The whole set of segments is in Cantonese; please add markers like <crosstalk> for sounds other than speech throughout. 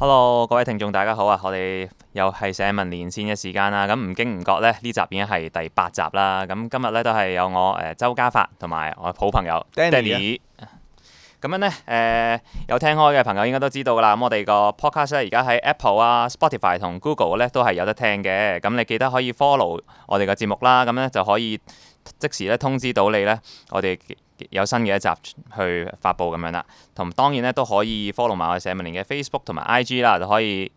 Hello，各位聽眾大家好啊！我哋又係社民連線嘅時間啦。咁唔經唔覺咧，呢集已經係第八集啦。咁今日咧都係有我誒、呃、周嘉發同埋我好朋友 Denny Daddy。咁樣咧，誒、呃、有聽開嘅朋友應該都知道噶啦。咁我哋個 podcast 咧而家喺 Apple 啊、Spotify 同 Google 咧都係有得聽嘅。咁你記得可以 follow 我哋嘅節目啦。咁咧就可以即時咧通知到你咧，我哋。有新嘅一集去發佈咁樣啦，同當然咧都可以 follow 埋我哋社民連嘅 Facebook 同埋 IG 啦，就可以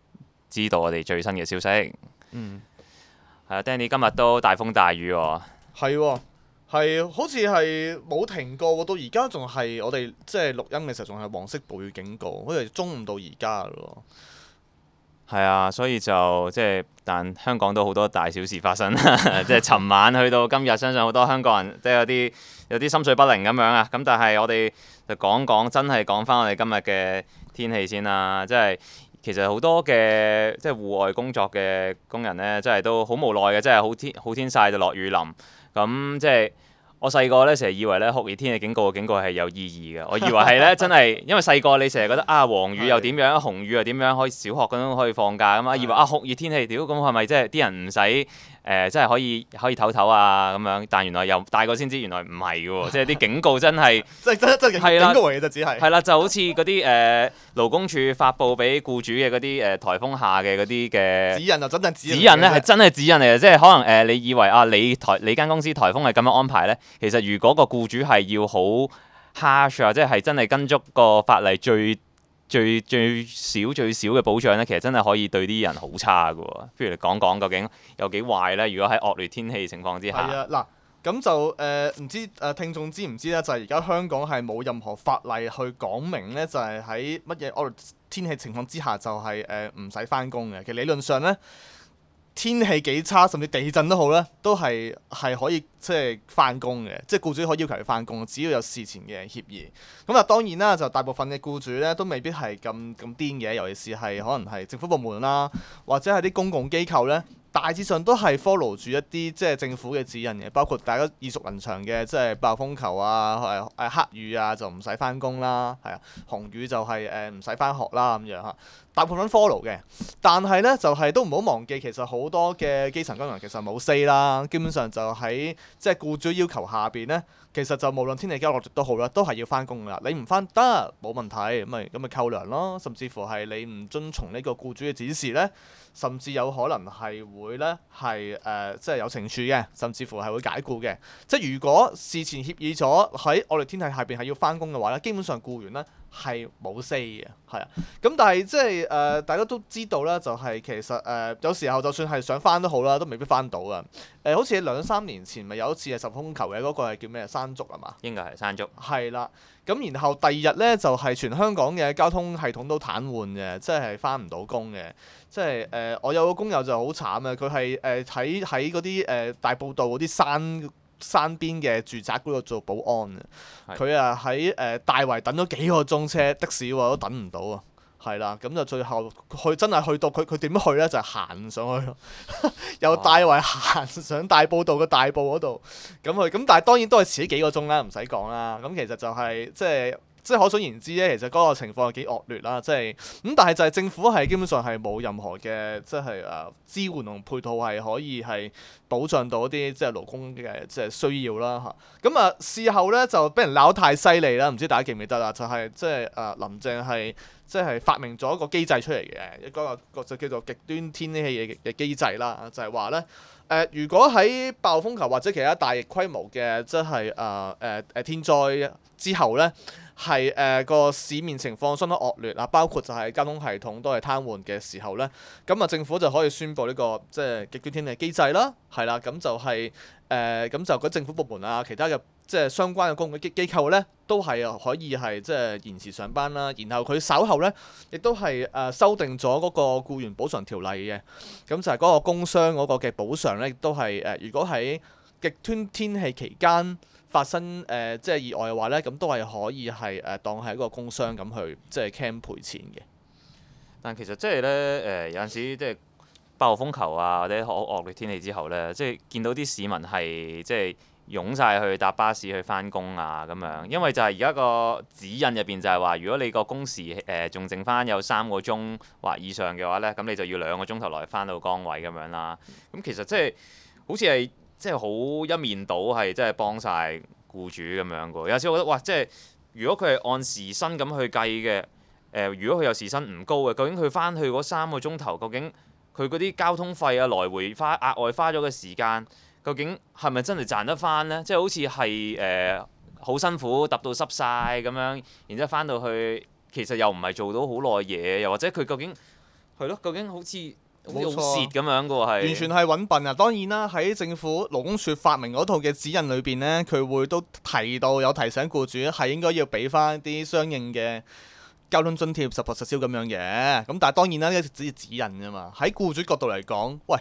知道我哋最新嘅消息。嗯，係啊，Denny 今日都大風大雨喎。係喎、哦，係好似係冇停過喎，到而家仲係我哋即係錄音嘅時候仲係黃色暴雨警告，好似中午到而家咯。係啊，所以就即係，但香港都好多大小事發生啦。即係尋晚去到今日，相信好多香港人即係有啲有啲心水不寧咁樣啊。咁但係我哋就講講，真係講翻我哋今日嘅天氣先啦。即係其實好多嘅即係戶外工作嘅工人呢，真係都好無奈嘅，真係好天好天曬就落雨淋，咁即係。我細個咧成日以為咧酷熱天氣警告嘅警告係有意義嘅，我以為係咧真係，因為細個你成日覺得啊黃雨又點樣，紅雨又點樣，可以小學咁樣可以放假㗎嘛，以為啊酷熱天氣屌咁係咪即係啲人唔使？誒，即係，呃，可以可以唞唞啊咁樣，但原來又大個先知原來唔係嘅喎，即係啲警告真係，即係真只係，係啦，就好似嗰啲誒勞工處發布俾僱主嘅嗰啲誒颱風下嘅嗰啲嘅指引啊，真指引指引咧係真係指引嚟嘅。的即係可能誒，呃，你以為啊，你台你間公司颱風係咁樣安排咧，其實如果個僱主係要好 hard 啊即係係真係跟足個法例最。最最少最少嘅保障咧，其實真係可以對啲人好差嘅喎。不如你講講究竟有幾壞咧？如果喺惡劣天氣情況之下，係啊，嗱咁就誒唔、呃、知誒聽眾知唔知咧？就係而家香港係冇任何法例去講明咧，就係喺乜嘢惡劣天氣情況之下就係誒唔使返工嘅。其實理論上咧。天氣幾差，甚至地震都好咧，都係係可以即係翻工嘅，即係僱主可以要求你翻工，只要有事前嘅協議。咁、嗯、啊，當然啦，就大部分嘅僱主咧都未必係咁咁癲嘅，尤其是係可能係政府部門啦，或者係啲公共機構咧。大致上都係 follow 住一啲即係政府嘅指引嘅，包括大家耳熟能詳嘅，即係暴風球啊，誒黑雨啊，就唔使翻工啦，係啊，紅雨就係誒唔使翻學啦咁樣嚇。大部分 follow 嘅，但係呢就係都唔好忘記，其實好多嘅基層工人其實冇 say 啦，基本上就喺即係僱主要求下邊呢。其實就無論天氣幾落都好啦，都係要翻工噶。你唔翻得冇問題，咁咪咁咪扣糧咯，甚至乎係你唔遵從呢個僱主嘅指示呢。甚至有可能係會咧，係誒、呃，即係有懲處嘅，甚至乎係會解僱嘅。即係如果事前協議咗喺我哋天氣下邊係要翻工嘅話咧，基本上僱員咧係冇 say 嘅，係啊。咁但係即係誒、呃，大家都知道啦，就係、是、其實誒、呃，有時候就算係想翻都好啦，都未必翻到啊。誒、呃，好似兩三年前咪有一次係十風球嘅，嗰個係叫咩山竹啊？嘛？應該係山竹。係啦。咁然後第二日咧就係、是、全香港嘅交通系統都癱瘓嘅，即係返唔到工嘅。即係誒、呃，我有個工友就好慘啊，佢係誒喺喺嗰啲誒大埔道嗰啲山山邊嘅住宅嗰度做保安是的 啊。佢啊喺誒大圍等咗幾個鐘車的士喎、啊，都等唔到啊！係啦，咁就最後佢真係去到佢佢點樣去呢？就係、是、行上去咯，由大圍行上大埔道嘅大埔嗰度咁去。咁但係當然都係遲咗幾個鐘啦，唔使講啦。咁其實就係、是、即係。即係可想而知，咧，其實嗰個情況係幾惡劣啦，即係咁、嗯，但係就係政府係基本上係冇任何嘅，即係誒、啊、支援同配套係可以係保障到一啲即係勞工嘅即係需要啦嚇。咁啊，事後咧就俾人鬧太犀利啦，唔知大家記唔記得啦？就係、是、即係誒、啊、林鄭係即係發明咗一個機制出嚟嘅，一個就叫做極端天氣嘅嘅機制啦，就係話咧。誒、呃，如果喺暴風球或者其他大疫規模嘅，即係誒誒誒天災之後咧，係誒個市面情況相當惡劣啊，包括就係交通系統都係癱瘓嘅時候咧，咁啊政府就可以宣布呢、這個即係、就是、極端天氣機制啦，係啦，咁就係、是、誒，咁、呃、就嗰政府部門啊，其他嘅。即係相關嘅公共機機構呢，都係可以係即係延遲上班啦。然後佢稍後呢，亦都係誒修訂咗嗰個僱員補償條例嘅。咁就係嗰個工傷嗰個嘅補償呢，亦都係誒，如果喺極端天氣期間發生誒、呃、即係意外嘅話呢，咁都係可以係誒、呃、當係一個工傷咁去即係 claim 賠錢嘅。但其實即係呢，誒、呃，有陣時即係八號風球啊或者好惡劣天氣之後呢，即、就、係、是、見到啲市民係即係。就是就是湧晒去搭巴士去翻工啊咁樣，因為就係而家個指引入邊就係話，如果你個工時誒仲、呃、剩翻有三個鐘或、呃、以上嘅話咧，咁你就要兩個鐘頭內翻到崗位咁樣啦。咁、嗯嗯、其實即、就、係、是、好似係即係好一面倒，係即係幫晒僱主咁樣嘅。有時我覺得哇，即、就、係、是、如果佢係按時薪咁去計嘅，誒、呃、如果佢有時薪唔高嘅，究竟佢翻去嗰三個鐘頭，究竟佢嗰啲交通費啊、來回花額外花咗嘅時間？究竟係咪真係賺得翻呢？即係好似係誒好辛苦揼到濕晒咁樣，然之後翻到去其實又唔係做到好耐嘢，又或者佢究竟係咯？冇錯，究竟好似好蝕咁樣嘅喎係。完全係揾笨啊！當然啦，喺政府勞工署發明嗰套嘅指引裏邊呢，佢會都提到有提醒僱主係應該要俾翻啲相應嘅交通津貼、實報實銷咁樣嘅。咁但係當然啦，呢啲只係指引啫嘛。喺僱主角度嚟講，喂。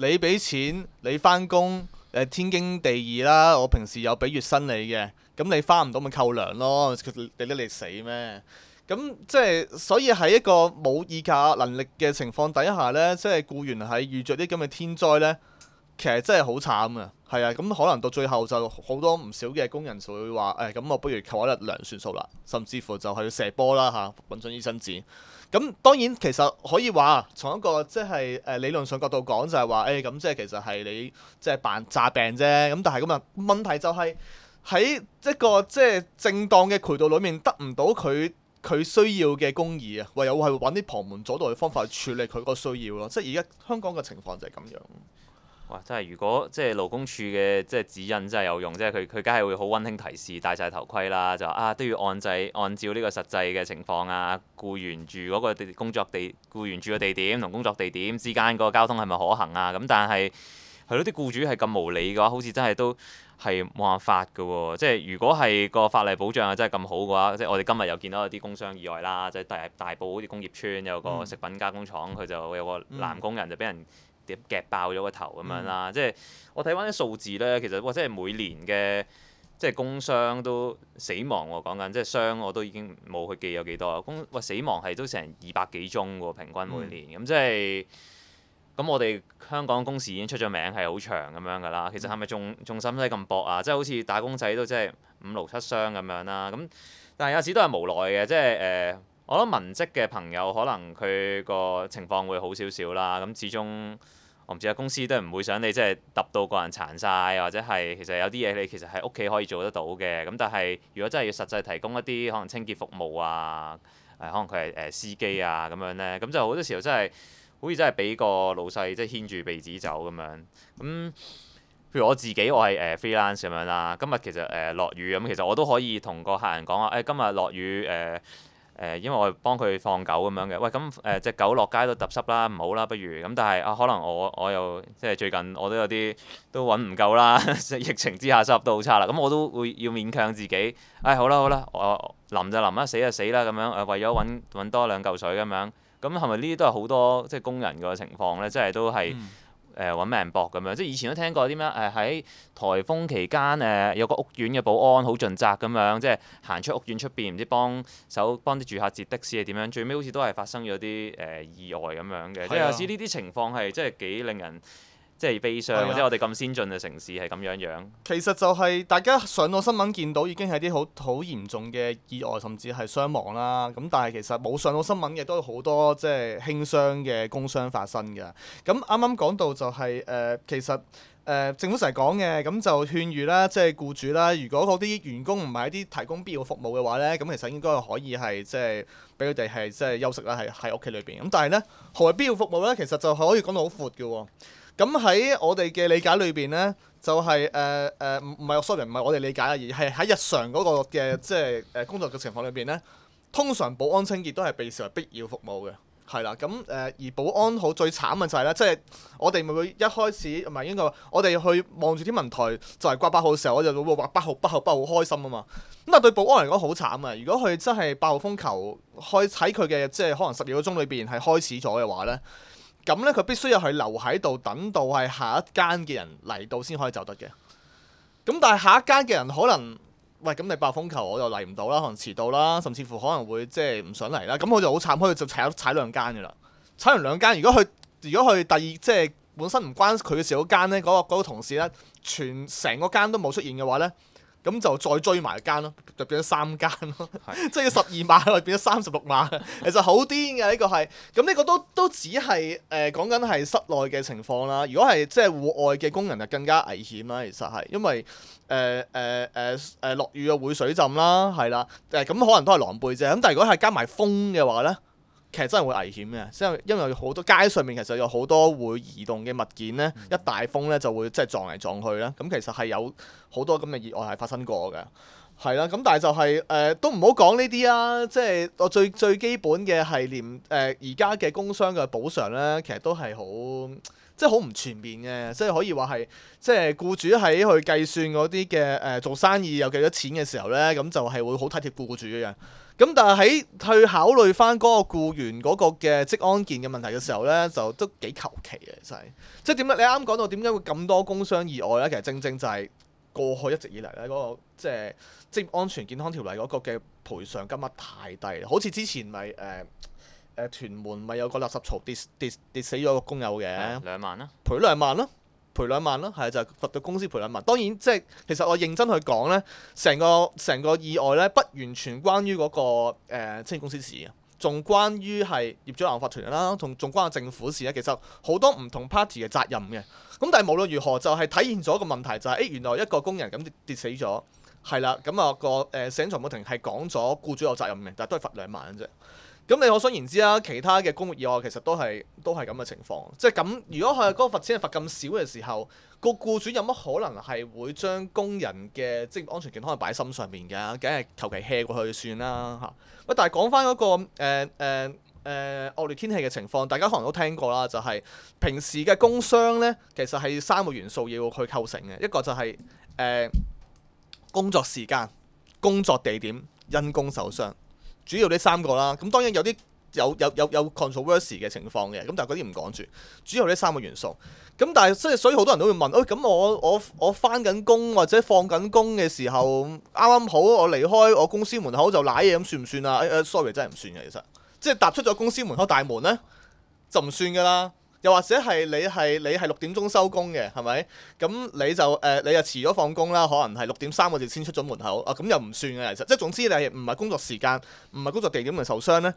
你俾錢，你返工誒天經地義啦。我平時有俾月薪你嘅，咁你翻唔到咪扣糧咯，俾得你死咩？咁即係所以喺一個冇議價能力嘅情況底下呢，即係僱員喺遇着啲咁嘅天災呢，其實真係好慘啊！係啊，咁可能到最後就好多唔少嘅工人就會話，誒、哎，咁我不如求下粒糧算數啦。甚至乎就去射波啦嚇，揾、啊、盡醫生紙。咁當然其實可以話從一個即係誒理論上角度講，就係話誒咁即係其實係你即係扮詐病啫。咁但係咁啊問題就係、是、喺一個即係正當嘅渠道裏面得唔到佢佢需要嘅公義啊，唯有係揾啲旁門左道嘅方法去處理佢個需要咯。即係而家香港嘅情況就係咁樣。哇！真係如果即係勞工處嘅即係指引真係有用，即係佢佢梗係會好溫馨提示戴晒頭盔啦，就話啊都要按制按照呢個實際嘅情況啊，僱員住嗰個工作地僱員住嘅地點同工作地點之間個交通係咪可行啊？咁但係係咯，啲僱主係咁無理嘅話，好似真係都係冇辦法嘅喎、啊。即係如果係個法例保障係真係咁好嘅話，即係我哋今日又見到有啲工傷意外啦，即、就、係、是、大大埔嗰啲工業村有個食品加工廠，佢、嗯、就有個男工人就俾人。點夾爆咗個頭咁樣啦！嗯、即係我睇翻啲數字呢，其實或者係每年嘅即係工傷都死亡喎。講緊即係傷我都已經冇去記有幾多啦。死亡係都成二百幾宗喎，平均每年咁、嗯、即係咁。我哋香港工時已經出咗名係好長咁樣㗎啦。其實係咪重重心都係咁薄啊？即係好似打工仔都即係五勞七傷咁樣啦。咁但係有時都係無奈嘅，即係誒、呃，我覺得文職嘅朋友可能佢個情況會好少少啦。咁始終。我唔知啊，公司都係唔會想你即係揼到個人殘晒，或者係其實有啲嘢你其實係屋企可以做得到嘅。咁但係如果真係要實際提供一啲可能清潔服務啊，啊可能佢係、呃、司機啊咁樣呢，咁就好多時候真係好似真係俾個老細即係牽住鼻子走咁樣。咁譬如我自己，我係、呃、freelance 咁樣啦。今日其實誒落、呃、雨咁，其實我都可以同個客人講話、哎，今日落雨誒。呃誒，因為我幫佢放狗咁樣嘅，喂，咁誒隻狗落街都揼濕啦，唔好啦，不如咁，但係啊，可能我我又即係最近我都有啲都揾唔夠啦，即 <laughs> 係疫情之下收入都好差啦，咁我都會要勉強自己，唉、哎，好啦好啦，我淋就淋啦，死就死啦，咁樣誒為咗揾多兩嚿水咁樣，咁係咪呢啲都係好多即係工人嘅情況呢？即係都係。嗯誒揾、呃、命搏咁樣，即係以前都聽過啲咩喺颱風期間誒、呃、有個屋苑嘅保安好盡責咁樣，即係行出屋苑出邊唔知幫手幫啲住客截的士係點樣，最尾好似都係發生咗啲誒意外咁樣嘅，的即係有時呢啲情況係即係真係幾令人。即係悲傷，或者的我哋咁先進嘅城市係咁樣樣。其實就係大家上到新聞見到，已經係啲好好嚴重嘅意外，甚至係傷亡啦。咁但係其實冇上到新聞嘅，都有好多即係輕傷嘅工傷發生嘅。咁啱啱講到就係、是、誒、呃，其實誒、呃、政府成日講嘅，咁就勸喻啦，即係僱主啦，如果嗰啲員工唔係一啲提供必要服務嘅話咧，咁其實應該可以係即係俾佢哋係即係休息啦，喺喺屋企裏邊。咁但係咧，何謂必要服務咧？其實就係可以講到好闊嘅。咁喺我哋嘅理解裏邊呢，就係誒誒，唔唔係 sorry，唔係我哋理解啊，而係喺日常嗰個嘅即係誒工作嘅情況裏邊呢。通常保安清潔都係被視為必要服務嘅，係啦。咁、嗯、誒而保安好最慘嘅就係、是、呢，即、就、係、是、我哋咪會一開始唔係應該，我哋去望住天文台就係掛八號嘅時候，我就會話八號、八號、八號開心啊嘛。咁啊對保安嚟講好慘啊！如果佢真係八號風球開喺佢嘅即係可能十二個鐘裏邊係開始咗嘅話呢。咁咧，佢必須要係留喺度，等到係下一間嘅人嚟到先可以走得嘅。咁但係下一間嘅人可能，喂，咁你八風球我就嚟唔到啦，可能遲到啦，甚至乎可能會即係唔想嚟啦。咁佢就好慘，可以就踩踩兩間嘅啦。踩完兩間，如果佢如果佢第二即係本身唔關佢事嗰間咧，嗰、嗰個嗰個同事咧，全成個間都冇出現嘅話咧。咁就再追埋一間咯，就變咗三間咯，即係要十二萬咯，變咗三十六萬。其實好癲嘅呢個係，咁呢個都都只係誒、呃、講緊係室內嘅情況啦。如果係即係戶外嘅工人就更加危險啦。其實係因為誒誒誒誒落雨啊會水浸啦，係啦，誒、呃、咁可能都係狼狽啫。咁但係如果係加埋風嘅話咧？其實真係會危險嘅，因為因為好多街上面其實有好多會移動嘅物件咧，嗯、一大風咧就會即係、就是、撞嚟撞去啦。咁其實係有好多咁嘅意外係發生過嘅，係啦。咁但係就係、是、誒、呃、都唔好講呢啲啦。即係我最最基本嘅係連誒而家嘅工傷嘅補償咧，其實都係好。即係好唔全面嘅，即係可以話係即係僱主喺去計算嗰啲嘅誒做生意有幾多錢嘅時候呢，咁就係會好體貼僱主嘅。咁但係喺去考慮翻嗰個僱員嗰個嘅職安健嘅問題嘅時候呢，就都幾求其嘅，就係、是、即係點解你啱啱講到點解會咁多工傷意外呢？其實正正就係過去一直以嚟呢嗰個即係職業安全健康條例嗰個嘅賠償金額太低，好似之前咪誒、呃誒屯門咪有個垃圾槽跌跌跌死咗個工友嘅、啊，兩萬啦、啊，賠兩萬啦、啊，賠兩萬啦、啊，係就是、罰到公司賠兩萬。當然即係其實我認真去講咧，成個成個意外咧，不完全關於嗰、那個清潔、呃、公司事，仲關於係業主難法團啦、啊，同仲關下政府事咧。其實好多唔同 party 嘅責任嘅。咁但係無論如何，就係、是、體現咗個問題就係、是，誒、欸、原來一個工人咁跌，跌死咗，係啦。咁、那、啊個誒社長法庭係講咗僱主有責任嘅，但係都係罰兩萬啫。咁你可想而知啦，其他嘅公務以外，其實都係都係咁嘅情況。即係咁，如果佢嗰個罰錢罰咁少嘅時候，個僱主有乜可能係會將工人嘅職業安全健康係擺心上面嘅、啊？梗係求其 hea 過去算啦嚇。喂，但係講翻嗰個誒誒誒惡劣天氣嘅情況，大家可能都聽過啦。就係、是、平時嘅工傷呢，其實係三個元素要去構成嘅，一個就係、是、誒、呃、工作時間、工作地點、因工受傷。主要呢三個啦，咁當然有啲有有有有 controversy 嘅情況嘅，咁但係嗰啲唔講住。主要呢三個元素，咁但係即係所以好多人都會問，咁、哎、我我我返緊工或者放緊工嘅時候，啱啱好我離開我公司門口就瀨嘢咁，算唔算啊？誒、哎、誒、呃、sorry，真係唔算嘅，其實即係踏出咗公司門口大門呢，就唔算㗎啦。又或者係你係你係六點鐘收工嘅，係咪？咁你就誒、呃、你又遲咗放工啦，可能係六點三個字先出咗門口啊，咁、啊、又唔算嘅其實，即係總之你係唔係工作時間、唔係工作地點就受傷咧，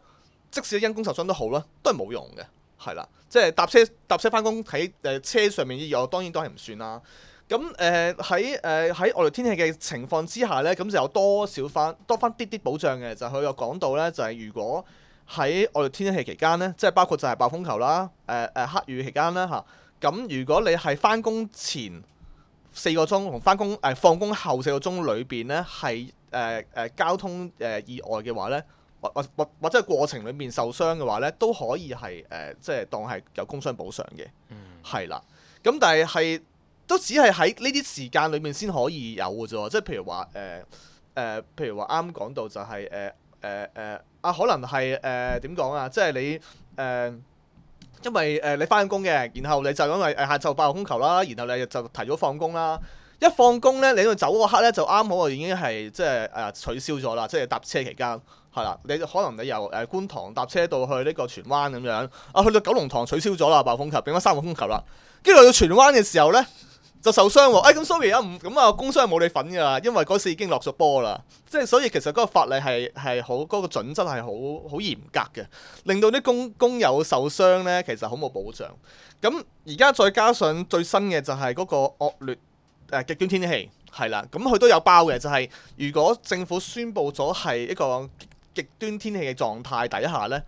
即使因工受傷都好啦，都係冇用嘅，係啦。即係搭車搭車翻工喺誒車上面啲嘢，我當然都係唔算啦。咁誒喺誒喺惡劣天氣嘅情況之下咧，咁就有多少翻多翻啲啲保障嘅，就佢又講到咧，就係、是、如果。喺惡劣天氣期間呢，即係包括就係暴風球啦，誒、呃、誒、呃、黑雨期間啦嚇。咁、啊、如果你係翻工前四個鐘同翻工誒放工後四個鐘裏邊呢，係誒誒交通誒、呃、意外嘅話呢，或或或或者係過程裏面受傷嘅話呢、呃嗯，都可以係誒即係當係有工傷補償嘅，係啦。咁但係係都只係喺呢啲時間裏面先可以有嘅啫。即係譬如話誒誒，譬如話啱啱講到就係、是、誒。呃誒誒、呃，啊，可能係誒點講啊？即係你誒、呃，因為誒、呃、你翻工嘅，然後你就因為誒下晝八號風球啦，然後你就提早放工啦。一放工咧，你喺度走嗰刻咧就啱好啊，已經係即係誒取消咗啦。即係搭車期間係啦，你可能你由誒、呃、觀塘搭車到去呢個荃灣咁樣啊，去到九龍塘取消咗啦，八號風球變咗三個風球啦。跟住去到荃灣嘅時候咧。就受傷喎！哎，咁 sorry 啊，咁啊、嗯，工傷冇你份噶，因為嗰時已經落咗波啦。即係所以其實嗰個法例係係好嗰、嗰個準則係好好嚴格嘅，令到啲工工友受傷呢，其實好冇保障。咁而家再加上最新嘅就係嗰個惡劣誒、呃、極端天氣係啦，咁、嗯、佢都有包嘅，就係、是、如果政府宣布咗係一個極端天氣嘅狀態底下呢，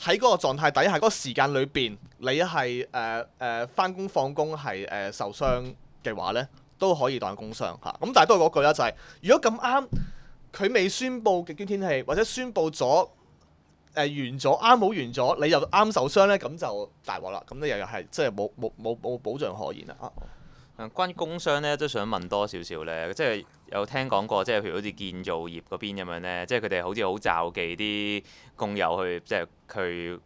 喺嗰個狀態底下嗰、嗰個時間裏邊，你係誒誒返工放工係誒受傷嘅話咧都可以當工傷嚇，咁但係都係嗰句啦，就係如果咁啱佢未宣佈極端天氣，或者宣佈咗誒完咗，啱好完咗，你又啱受傷咧，咁就大鑊啦，咁咧又又係即係冇冇冇冇保障可言啦。啊，關於工傷咧，都想問多少少咧，即係有聽講過，即係譬如好似建造業嗰邊咁樣咧，即係佢哋好似好罩忌啲工友去即係佢。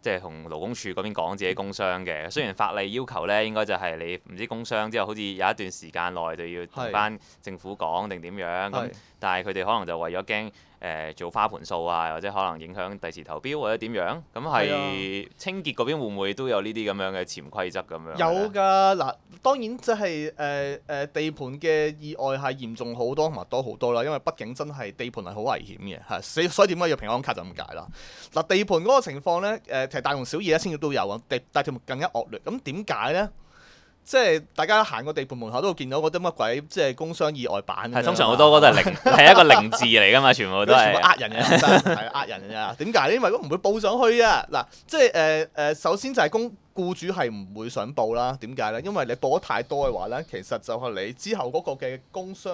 即係同勞工處嗰邊講自己工傷嘅，雖然法例要求呢應該就係你唔知工傷之後，好似有一段時間內就要同返政府講定點樣，是的 但係佢哋可能就為咗驚。誒做花盆數啊，或者可能影響第時投標或者點樣，咁係清潔嗰邊會唔會都有呢啲咁樣嘅潛規則咁樣？有㗎嗱，當然即係誒誒地盤嘅意外係嚴重好多同埋多好多啦，因為畢竟真係地盤係好危險嘅嚇，所所以點解要平安卡就咁解啦。嗱地盤嗰個情況咧，誒其實大同小異啦，清潔都有啊，地但係條目更加惡劣，咁點解咧？即係大家行個地盤門口都會見到嗰啲乜鬼，即係工傷意外版。通常好多嗰都係零，係 <laughs> 一個零字嚟噶嘛，全部都係呃 <laughs> 人嘅，係呃 <laughs> 人嘅。點解？因為如果唔會報上去啊。嗱，即係誒誒，首先就係工僱主係唔會想報啦。點解呢？因為你報得太多嘅話呢，其實就係你之後嗰個嘅工傷，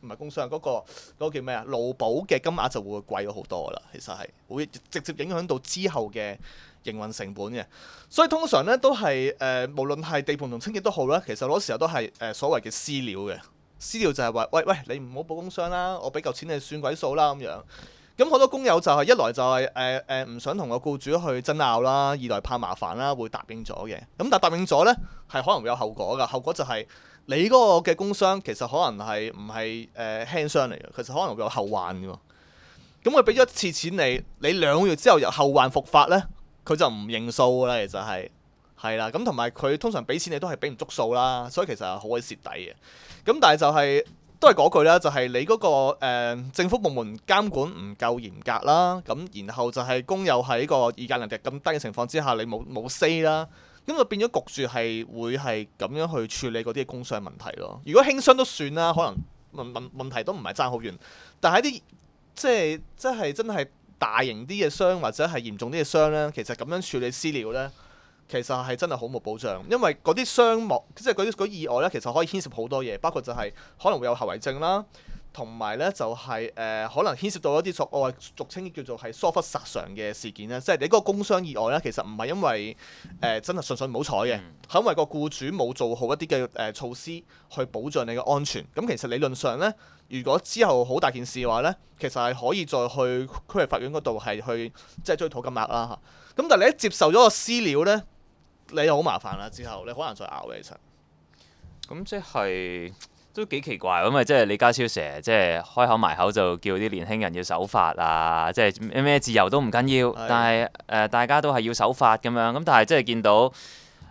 唔係工傷，嗰、嗰個嗰、嗰個叫咩啊，勞保嘅金額就會貴咗好多噶啦。其實係會直接影響到之後嘅。營運成本嘅，所以通常咧都係誒、呃，無論係地盤同清潔都好啦。其實嗰時候都係誒、呃、所謂嘅私了嘅。私了就係、是、話，喂喂，你唔好報工傷啦，我俾夠錢你算鬼數啦咁樣。咁、嗯、好多工友就係、是、一來就係誒誒唔想同個雇主去爭拗啦，二來怕麻煩啦，會答應咗嘅。咁、嗯、但係答應咗呢係可能會有後果㗎。後果就係、是、你嗰個嘅工傷、呃，其實可能係唔係誒輕傷嚟嘅，其實可能會有後患㗎。咁佢俾咗一次錢你，你兩個月之後又後患復發呢？佢就唔認數、就是、啦，其實係係啦，咁同埋佢通常俾錢你都係俾唔足數啦，所以其實係好鬼蝕底嘅。咁但係就係、是、都係嗰句啦，就係、是、你嗰、那個、呃、政府部門監管唔夠嚴格啦，咁然後就係工友喺個議價能力咁低嘅情況之下，你冇冇 say 啦，咁就變咗焗住係會係咁樣去處理嗰啲工傷問題咯。如果輕傷都算啦，可能問問問題都唔係爭好遠，但係啲即係即係真係。真大型啲嘅傷或者係嚴重啲嘅傷呢，其實咁樣處理私了呢，其實係真係好冇保障，因為嗰啲傷亡即係嗰啲意外呢，其實可以牽涉好多嘢，包括就係可能會有後遺症啦。同埋咧，就係、是、誒、呃，可能牽涉到一啲所謂俗稱叫做係疏忽殺常嘅事件咧，即係你嗰個工傷意外咧，其實唔係因為誒、呃、真係順順唔好彩嘅，係、嗯、因為個雇主冇做好一啲嘅誒措施去保障你嘅安全。咁其實理論上咧，如果之後好大件事嘅話咧，其實係可以再去區域法院嗰度係去，去即係追討金額啦嚇。咁但係你一接受咗個私了咧，你又好麻煩啦。之後你好難再拗嘅其實。咁即係。都幾奇怪咁啊！即係李家超成日即係開口埋口就叫啲年輕人要守法啊！即係咩自由都唔緊要，的但係誒、呃、大家都係要守法咁樣。咁但係即係見到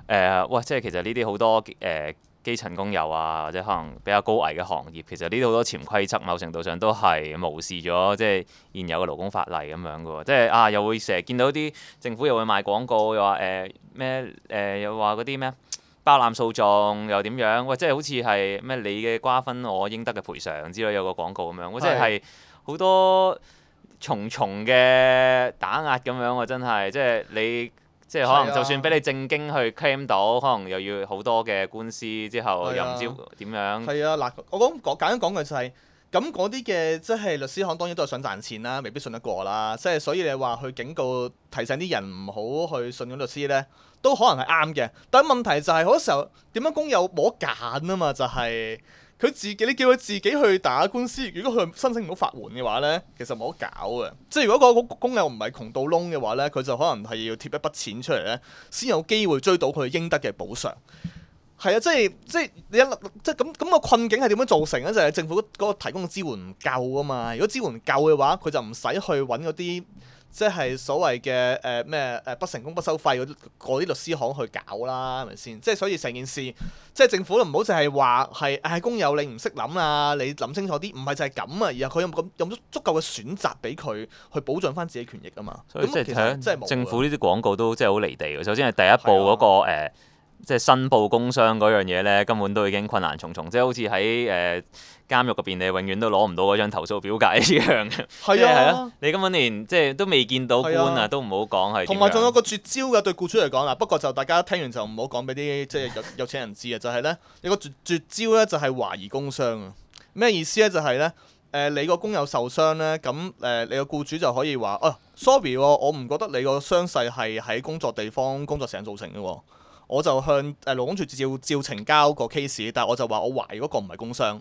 誒哇，即、呃、係其實呢啲好多誒、呃、基層工友啊，或者可能比較高危嘅行業，其實呢啲好多潛規則，某程度上都係無視咗即係現有嘅勞工法例咁樣㗎喎。即、就、係、是、啊，又會成日見到啲政府又會賣廣告，又話誒咩誒，又話嗰啲咩？包攬訴訟又點樣？喂，即係好似係咩你嘅瓜分我應得嘅賠償之類，有個廣告咁樣。我是的 即係好多重重嘅打壓咁樣啊！真係，即係你即係可能就算俾你正經去 claim 到，是的 可能又要好多嘅官司之後是的 又唔知點樣。係啊，嗱，我講講簡單講句就係、是、咁，嗰啲嘅即係律師行當然都係想賺錢啦，未必信得過啦。即係所以你話去警告提醒啲人唔好去信咗律師咧。都可能係啱嘅，但係問題就係好多時候點樣工友冇得揀啊嘛？就係佢自己，你叫佢自己去打官司，如果佢申請唔到法援嘅話呢，其實冇得搞嘅。即係如果個工友唔係窮到窿嘅話呢，佢就可能係要貼一筆錢出嚟呢，先有機會追到佢應得嘅補償。係啊，即係即係你一即係咁咁個困境係點樣造成呢？就係政府嗰個提供嘅支援唔夠啊嘛。如果支援夠嘅話，佢就唔使去揾嗰啲。即係所謂嘅誒咩誒不成功不收費嗰啲啲律師行去搞啦、啊，係咪先？即、啊、係所以成件事，即、就、係、是、政府唔好音思憂淨係話係誒工友你唔識諗啊，你諗清楚啲，唔係就係咁啊，而係佢有冇咁有足足夠嘅選擇俾佢去保障翻自己權益啊嘛。所以即係政府呢啲廣告都即係好離地。首先係第一步嗰個即係申報工傷嗰樣嘢咧，根本都已經困難重重，即係好似喺誒監獄嘅邊，你永遠都攞唔到嗰張投訴表格一樣嘅。係 <laughs> 啊，係、嗯、啊，你根本連即係都未見到官啊，都唔好講係。同埋仲有個絕招嘅對僱主嚟講啦，不過就大家聽完就唔好講俾啲即係有有錢人知啊。就係、是、咧，你個絕絕招咧，就係懷疑工傷啊。咩意思咧？就係咧誒，你個工友受傷咧，咁誒你個僱主就可以話啊，sorry，我唔覺得你個傷勢係喺工作地方工作上造成嘅喎。我就向誒勞工處照照呈交個 case，但係我就話我懷疑嗰個唔係工傷。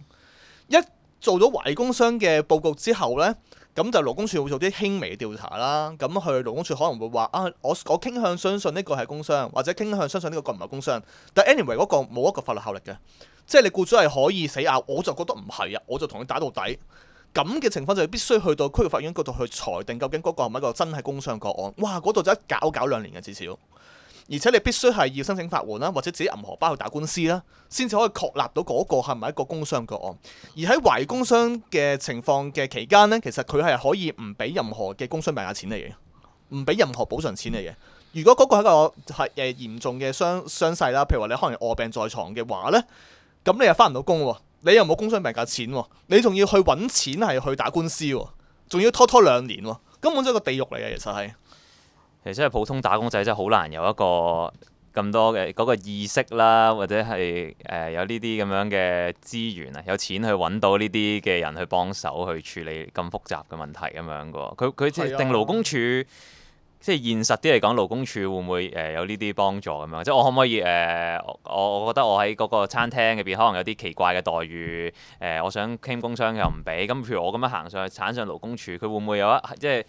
一做咗懷疑工傷嘅報告之後呢，咁就勞工處會做啲輕微調查啦。咁去勞工處可能會話啊，我我傾向相信呢個係工傷，或者傾向相信呢個唔係工傷。但 anyway 嗰個冇一個法律效力嘅，即係你僱主係可以死咬。我就覺得唔係啊，我就同你打到底。咁嘅情況就必須去到區域法院嗰度去裁定究竟嗰個係咪一個真係工傷個案。哇，嗰度就一搞搞兩年嘅至少。而且你必須係要申請法援啦，或者自己揞荷包去打官司啦，先至可以確立到嗰個係咪一個工傷個案。而喺懷工傷嘅情況嘅期間呢，其實佢係可以唔俾任何嘅工傷病假錢嚟嘅，唔俾任何補償錢嚟嘅。如果嗰個係一個係誒嚴重嘅傷傷勢啦，譬如話你可能卧病在床嘅話呢，咁你又返唔到工喎，你又冇工傷病假錢喎，你仲要去揾錢係去打官司喎，仲要拖拖兩年喎，根本就係一個地獄嚟嘅，其實係。其實真係普通打工仔真係好難有一個咁多嘅嗰、那個意識啦，或者係誒、呃、有呢啲咁樣嘅資源啊，有錢去揾到呢啲嘅人去幫手去處理咁複雜嘅問題咁樣個。佢佢定勞工處，啊、即係現實啲嚟講，勞工處會唔會誒、呃、有呢啲幫助咁樣？即係我可唔可以誒？我、呃、我覺得我喺嗰個餐廳入邊可能有啲奇怪嘅待遇，誒、呃、我想 claim 工傷又唔俾，咁譬如我咁樣行上去產上勞工處，佢會唔會有一即係？即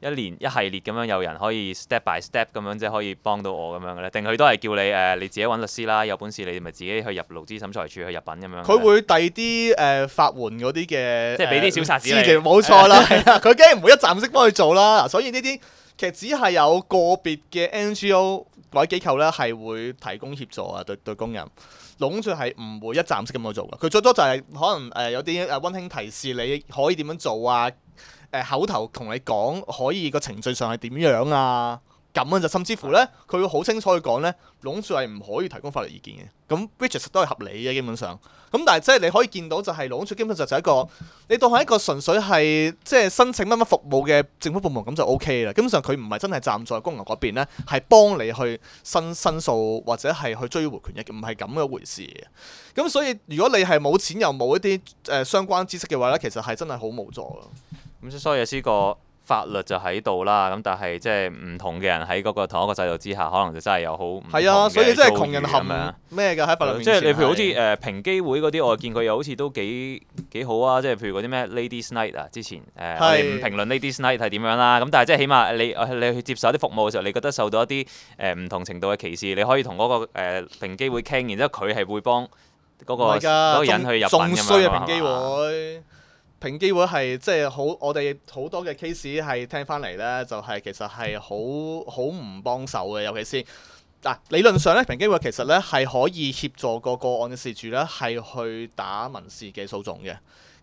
一年一系列咁樣，有人可以 step by step 咁樣即係可以幫到我咁樣嘅咧，定佢都係叫你誒、呃、你自己揾律師啦，有本事你咪自己去入勞資審裁處去入稟咁樣。佢會遞啲誒法援嗰啲嘅，即係俾啲小殺子冇錯啦。佢梗係唔會一站式幫佢做啦。 <laughs> 所以呢啲其實只係有個別嘅 NGO 或者機構呢，係會提供協助啊，對對工人，總之係唔會一站式咁去做嘅。佢最多就係可能誒、呃、有啲誒溫馨提示你可以點樣做啊。口頭同你講可以個程序上係點樣啊，咁嘅就，甚至乎呢，佢會好清楚去講呢勞處係唔可以提供法律意見嘅。咁 which 都係合理嘅基本上。咁但係即係你可以見到就係勞處基本上就係一個，你當係一個純粹係即係申請乜乜服務嘅政府部門咁就 OK 啦。基本上佢唔係真係站在工人嗰邊咧，係幫你去申申訴或者係去追回權益，唔係咁嘅一回事。咁所以如果你係冇錢又冇一啲誒、呃、相關知識嘅話呢，其實係真係好無助咯。咁所以有嘅個法律就喺度啦，咁但係即係唔同嘅人喺嗰個同一個制度之下，可能就真係有好唔同嘅遭遇咁樣、啊。所以真係窮人咩㗎？喺法律即係你譬如好似誒是的、呃、平機會嗰啲，我見佢又好似都幾幾好啊！即係譬如嗰啲咩 Ladies, 是的 Night 啊，之前誒我哋唔評論 Ladies Night 係點樣啦。咁但係即係起碼你你去接受一啲服務嘅時候，你覺得受到一啲誒唔同程度嘅歧視，你可以同嗰、嗰個誒、呃、平機會傾，然之後佢係會幫嗰、嗰個、個人去入稟咁平機會係即係好，我哋好多嘅 case 係聽翻嚟呢，就係、是、其實係好好唔幫手嘅，尤其是嗱、啊、理論上呢，平機會其實呢係可以協助個個案嘅事主呢係去打民事嘅訴訟嘅，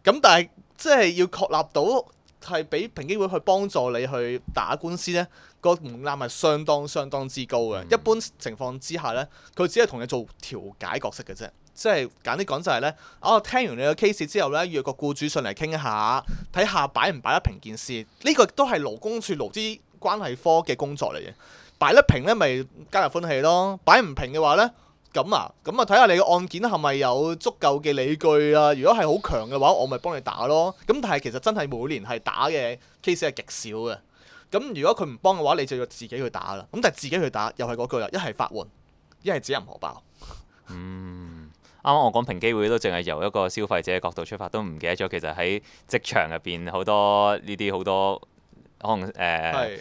咁但係即係要確立到係俾平機會去幫助你去打官司呢，個門檻係相當相當之高嘅，嗯、一般情況之下呢，佢只係同你做調解角色嘅啫。即係簡單啲講就係呢。哦，聽完你個 case 之後呢，約個僱主上嚟傾一下，睇下擺唔擺得平件事。呢個都係勞工處勞資關係科嘅工作嚟嘅。擺得平呢咪皆大歡喜咯；擺唔平嘅話呢，咁啊，咁啊，睇下你個案件係咪有足夠嘅理據啊。如果係好強嘅話，我咪幫你打咯。咁但係其實真係每年係打嘅 case 係極少嘅。咁如果佢唔幫嘅話，你就要自己去打啦。咁但係自己去打又係嗰句啦，一係法援，一係指任荷包。嗯。啱啱我講平機會都淨係由一個消費者角度出發都，都唔記得咗其實喺職場入邊好多呢啲好多可能誒。呃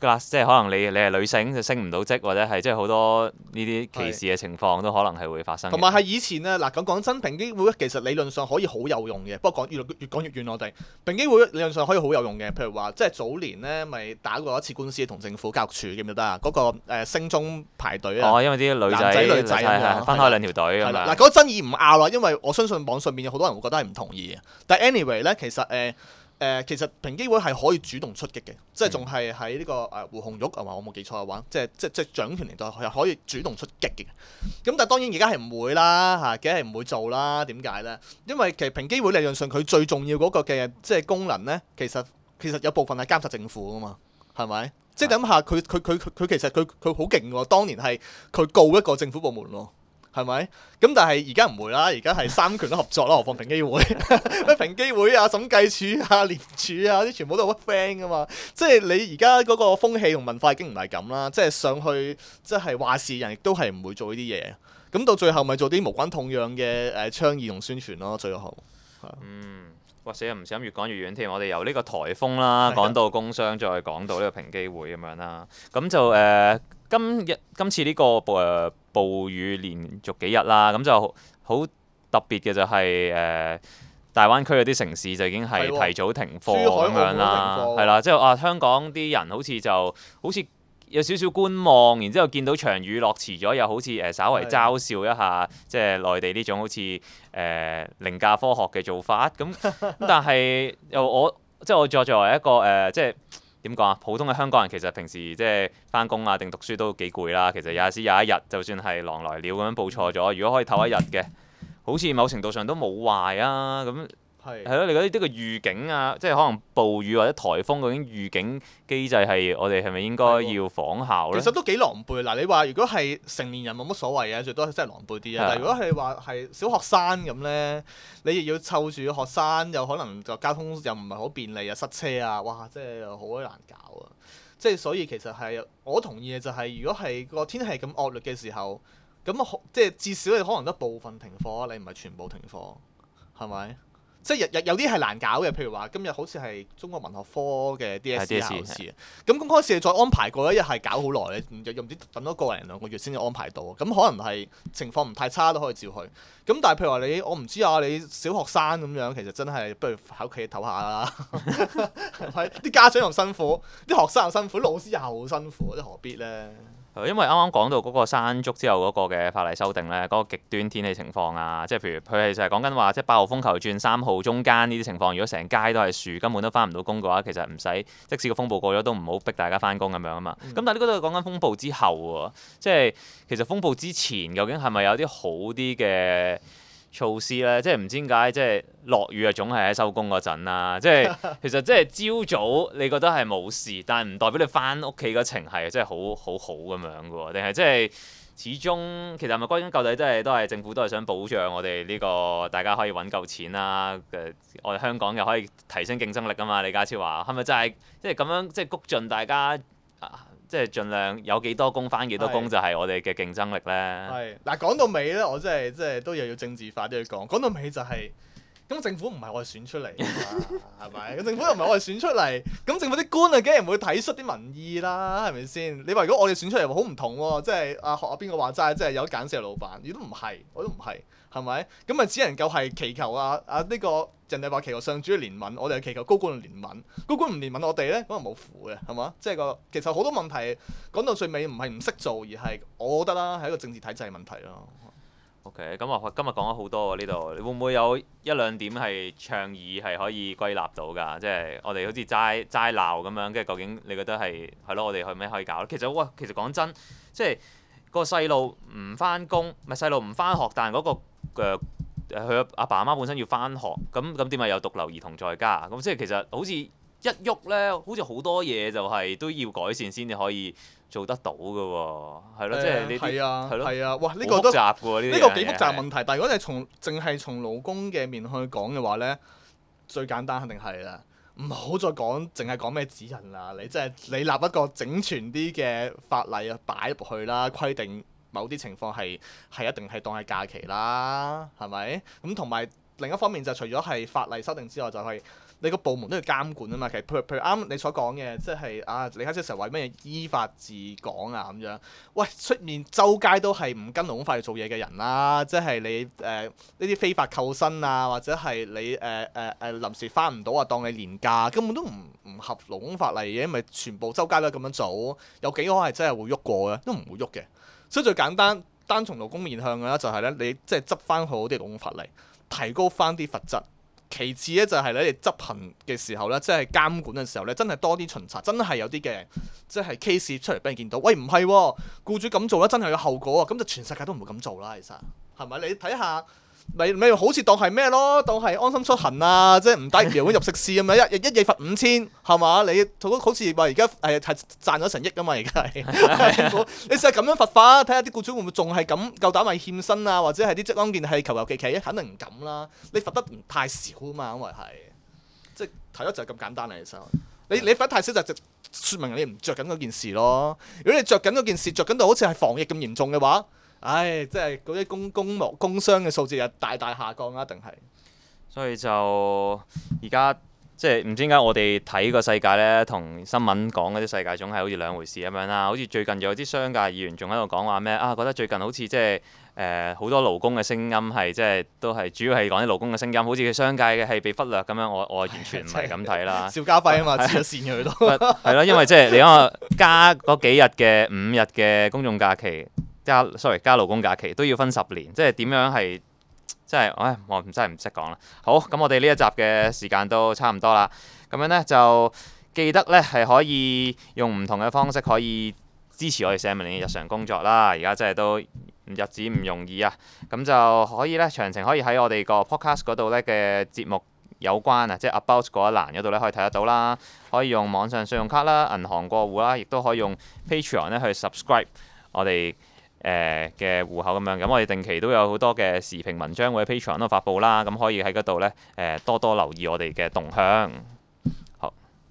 即係可能你你係女性就升唔到職，或者係即係好多呢啲歧視嘅情況都可能係會發生。同埋係以前呢，嗱，咁講真平機會，其實理論上可以好有用嘅。不過講越越講越遠我，我哋平機會理論上可以好有用嘅。譬如話，即係早年呢咪打過一次官司同政府教育處，記唔記得啊？嗰、嗰個升、呃、中排隊啊、哦，因為啲女仔女仔分開兩條隊嗱，嗰爭議唔拗啦，因為我相信網上面有好多人會覺得係唔同意嘅。但係 anyway 咧，其實誒。呃誒、呃，其實平機會係可以主動出擊嘅，即係仲係喺呢個誒、呃、胡紅玉，啊嘛，我冇記錯嘅話、啊，即係即即掌權年代佢係可以主動出擊嘅。咁但係當然而家係唔會啦嚇，梗係唔會做啦。點解咧？因為其實平機會理論上，佢最重要嗰個嘅即係功能咧，其實其實有部分係監察政府噶嘛，係咪？即係你諗下佢佢佢佢其實佢佢好勁㗎喎，當年係佢告一個政府部門喎。係咪？咁但係而家唔會啦，而家係三權都合作啦，何況平機會咩？ <laughs> 平機會啊、審計署啊、廉署啊，啲全部都好 friend 㗎嘛。即係你而家嗰個風氣同文化已經唔係咁啦，即係上去即係話事人亦都係唔會做呢啲嘢。咁到最後咪做啲無關痛癢嘅誒倡議同宣傳咯。最後，嗯，哇，死唔想越講越遠添。我哋由呢個颱風啦講到工商，再講到呢個平機會咁樣啦。咁就誒。呃今日今次呢個暴雨連續幾日啦，咁就好特別嘅就係、是、誒、呃、大灣區嗰啲城市就已經係提早停課咁樣啦，係啦、哦，之後啊香港啲人好似就好似有少少觀望，然之後見到場雨落遲咗，又好似誒、呃、稍為嘲笑一下的即係內地呢種好似誒、呃、凌駕科學嘅做法，咁 <laughs> 但係又我即係我再作，作為一個誒、呃、即係。點講啊？普通嘅香港人其實平時即係返工啊，定讀書都幾攰啦。其實有時有一日，就算係狼來了咁樣報錯咗，如果可以唞一日嘅，好似某程度上都冇壞啊。咁係係咯，你覺得呢個預警啊，即係可能暴雨或者颱風嗰啲預警機制係我哋係咪應該要仿效咧？其實都幾狼狽。嗱，你話如果係成年人冇乜所謂嘅，最多真係狼狽啲啊。的但如果係話係小學生咁咧，你又要湊住學生，又可能就交通又唔係好便利啊，塞車啊，哇！即係好鬼難搞啊！即係所以其實係我同意嘅、就係，就係如果係個天氣咁惡劣嘅時候，咁即係至少你可能得部分停課啊，你唔係全部停課係咪？即係日日有啲係難搞嘅，譬如話今日好似係中國文學科嘅 DSE 考試，咁 <music> 公開試再安排過一日係搞好耐，又唔知等多個零兩個月先至安排到，咁可能係情況唔太差都可以照去。咁但係譬如話你我唔知啊，你小學生咁樣其實真係不如喺屋企唞下啦，係 <laughs> 啲 <laughs> <laughs> 家長又辛苦，啲學生又辛苦，老師又好辛苦，即何必呢？因為啱啱講到嗰個山竹之後嗰個嘅法例修訂咧，嗰、嗰個極端天氣情況啊，即係譬如佢係就係講緊話，即係八號風球轉三號中間呢啲情況，如果成街都係樹，根本都翻唔到工嘅話，其實唔使，即使個風暴過咗，都唔好逼大家翻工咁樣啊嘛。咁、嗯、但係呢個都係講緊風暴之後喎、啊，即係其實風暴之前究竟係咪有啲好啲嘅？措施咧，即係唔知點解，即係落雨啊，總係喺收工嗰陣啦。即係其實即係朝早你覺得係冇事，但係唔代表你翻屋企嗰程係真係好，好好好咁樣嘅喎、啊。定係即係始終其實咪歸根究底即係都係政府都係想保障我哋呢、這個大家可以揾夠錢啦、啊、我哋香港又可以提升競爭力㗎、啊、嘛？李家超話係咪真係即係咁樣即係谷盡大家？啊即係盡量有幾多工翻幾多工就係我哋嘅競爭力咧。係嗱，講到尾咧，我真係即係都又要政治化啲去講。講到尾就係、是、咁， <laughs> 政府唔係我哋選出嚟㗎係咪？咁政府又唔係我哋選出嚟，咁政府啲官啊，梗係唔會體恤啲民意啦，係咪先？你話如果我哋選出嚟，好唔同喎，即係阿學阿邊個話齋，即係有得揀老闆，如果唔係，我都唔係。係咪？咁咪只能夠係祈求啊啊！呢個人哋話祈求上主憐憫，我哋係祈求高官憐憫。高官唔憐憫我哋咧，可能冇符嘅，係嘛？即係個其實好多問題講到最尾，唔係唔識做，而係我覺得啦、啊，係一個政治體制問題咯。OK，咁啊，今日講咗好多喎，呢度你會唔會有一兩點係倡議係可以歸納到㗎？即係我哋好似齋齋鬧咁樣，跟住究竟你覺得係係咯？我哋去咩可以搞？其實喂，其實講真，即係個細路唔翻工，咪細路唔翻學，但係嗰個。誒誒，佢阿爸阿媽本身要翻學，咁咁點解有獨留兒童在家，咁即係其實好似一喐咧，好似好多嘢就係都要改善先至可以做得到嘅喎、哦。係咯，即係你睇啲係啊，係啊，哇！呢、這個都呢個幾複雜，複雜問題。的但係如果你從淨係從勞工嘅面去講嘅話咧，最簡單肯定係啦，唔好再講，淨係講咩指引啦。你即係、就是、你立一個整全啲嘅法例啊，擺入去啦，規定。某啲情況係係一定係當係假期啦，係咪咁？同埋另一方面就除咗係法例修訂之外，就係你個部門都要監管啊嘛。其實譬如，譬如啱你所講嘅，即係啊，李家超成日話咩依法治港啊咁樣，喂出面周街都係唔跟勞工法嚟做嘢嘅人啦，即係你誒呢啲非法扣薪啊，或者係你誒誒誒臨時翻唔到啊，當你年假根本都唔唔合勞工法例嘅，因為全部周街都咁樣做，有幾可係真係會喐過嘅，都唔會喐嘅。所以最簡單，單從勞工面向嘅咧，就係咧，你即係執翻好啲勞工法例，提高翻啲罰則。其次咧，就係咧，你執行嘅時候咧，即係監管嘅時候咧，真係多啲巡查，真係有啲嘅，即係 case 出嚟俾人見到，喂唔係、哦，僱主咁做咧，真係有後果啊！咁就全世界都唔會咁做啦，其實係咪？你睇下。咪咪好似當係咩咯，當係安心出行啊，即係唔戴面罩入食肆咁樣， <laughs> 一日一夜罰五千係嘛？ <laughs> <laughs> 你好多好似話而家係係賺咗成億噶嘛？而家係，你成日咁樣罰法，睇下啲僱主會唔會仲係咁夠膽咪欠薪啊？或者係啲職安健係求求其其？肯定唔敢啦。你罰得唔太少啊嘛？因為係， <laughs> 即係睇咗就係咁簡單嚟嘅啫。其實你你罰得太少就就說明你唔着緊嗰件事咯。如果你着緊嗰件事，着緊到好似係防疫咁嚴重嘅話。唉、哎，即係嗰啲工工務工商嘅數字又大大下降啦、啊，定係？所以就而家即係唔知點解我哋睇個世界咧，同新聞講嗰啲世界總係好似兩回事咁樣啦。好似最近有啲商界議員仲喺度講話咩啊？覺得最近好似即係誒好多勞工嘅聲音係即係都係主要係講啲勞工嘅聲音，好似商界嘅係被忽略咁樣。我我完全唔係咁睇啦。邵家輝啊嘛，少得線佢多。係咯， <laughs> 因為即係你講加嗰幾日嘅五日嘅公眾假期。加 sorry 加勞工假期都要分十年，即係點樣係即係，唉，我真係唔識講啦。好，咁我哋呢一集嘅時間都差唔多啦。咁樣呢，就記得呢係可以用唔同嘅方式可以支持我哋社民連嘅日常工作啦。而家真係都日子唔容易啊。咁就可以呢，詳情可以喺我哋個 podcast 嗰度呢嘅節目有關啊，即係 about 嗰一欄嗰度呢，可以睇得到啦。可以用網上信用卡啦、銀行過戶啦，亦都可以用 Patreon 去 subscribe 我哋。誒嘅、呃、戶口咁樣，咁我哋定期都有好多嘅時評文章會喺 p a t r o nPatreon 度發布啦，咁可以喺嗰度咧誒多多留意我哋嘅動向。